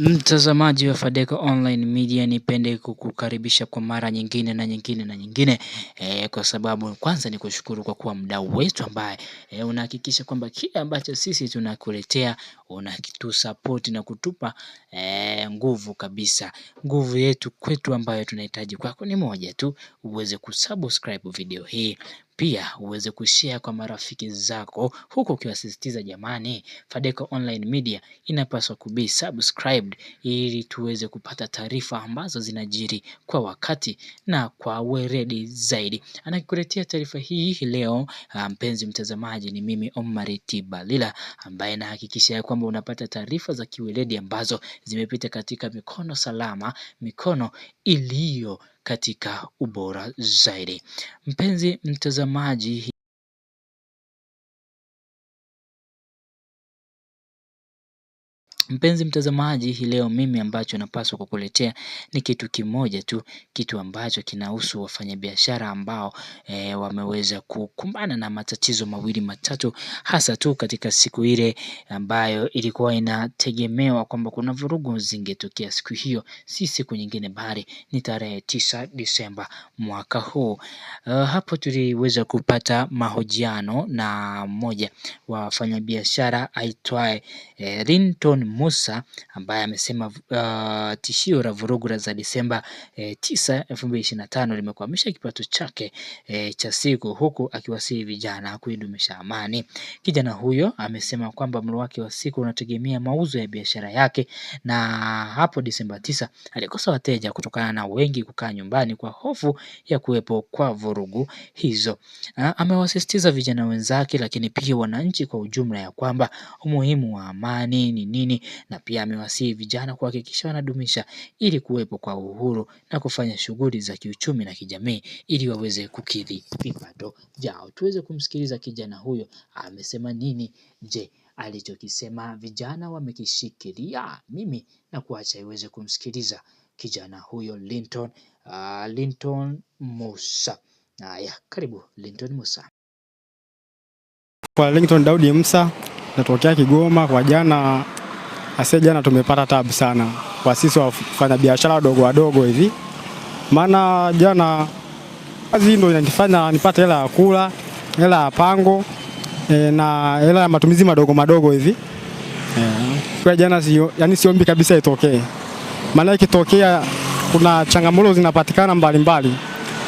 Mtazamaji wa Fadeco Online Media, nipende kukukaribisha kwa mara nyingine na nyingine na nyingine e, kwa sababu kwanza ni kushukuru kwa kuwa mdau wetu ambaye e, unahakikisha kwamba kile ambacho sisi tunakuletea unatusapoti na kutupa e, nguvu kabisa. Nguvu yetu kwetu ambayo tunahitaji kwako ni moja tu, uweze kusubscribe video hii pia uweze kushare kwa marafiki zako huku ukiwasisitiza jamani, Fadeco Online Media inapaswa kubi subscribed ili tuweze kupata taarifa ambazo zinajiri kwa wakati na kwa weredi zaidi. Anakuletea taarifa hii leo ah, mpenzi mtazamaji ni mimi Omari Tibalila ambaye nahakikisha kwamba unapata taarifa za kiweledi ambazo zimepita katika mikono salama, mikono iliyo katika ubora zaidi. Mpenzi mtazamaji Mpenzi mtazamaji, hii leo mimi ambacho napaswa kukuletea ni kitu kimoja tu, kitu ambacho kinahusu wafanyabiashara ambao e, wameweza kukumbana na matatizo mawili matatu, hasa tu katika siku ile ambayo ilikuwa inategemewa kwamba kuna vurugu zingetokea siku hiyo, si siku nyingine bali ni tarehe tisa Disemba mwaka huu. Uh, hapo tuliweza kupata mahojiano na mmoja wa wafanyabiashara aitwaye e, Linton Musa ambaye amesema ah, tishio la vurugu za Disemba 9, eh, 2025 limekwamisha kipato chake eh, cha siku, huku akiwasihi vijana kuidumisha amani. Kijana huyo amesema kwamba mlo wake wa siku unategemea mauzo ya biashara yake, na hapo Disemba 9 alikosa wateja kutokana na wengi kukaa nyumbani kwa hofu ya kuwepo kwa vurugu hizo. Ah, amewasisitiza vijana wenzake, lakini pia wananchi kwa ujumla ya kwamba umuhimu wa amani ni nini na pia amewasihi vijana kuhakikisha wanadumisha ili kuwepo kwa uhuru na kufanya shughuli za kiuchumi na kijamii ili waweze kukidhi vipato vyao. Tuweze kumsikiliza kijana huyo amesema nini? Je, alichokisema vijana wamekishikilia? Mimi na kuacha iweze kumsikiliza kijana huyo Linton, uh, Linton Musa. Haya, karibu Linton Musa. Kwa Linton Daudi Musa natokea Kigoma. Kwa jana asi jana tumepata tabu sana kwa sisi wafanyabiashara wadogo wadogo hivi, maana jana kazi ndio inanifanya nipate hela ya kula, hela ya pango e, na hela ya matumizi madogo madogo hivi yeah. Kwa jana siyo, yani siombi kabisa itokee, maana ikitokea kuna changamoto zinapatikana mbalimbali.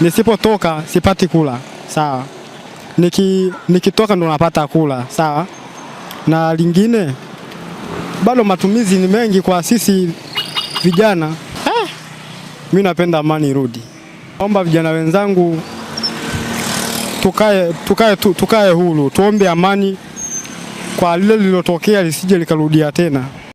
Nisipotoka sipati kula sawa, niki ndo napata kula sawa, na lingine bado matumizi ni mengi kwa sisi vijana eh. Mimi napenda amani irudi. Naomba vijana wenzangu tukae, tukae, tukae huru tuombe amani kwa lile lililotokea lisije likarudia tena.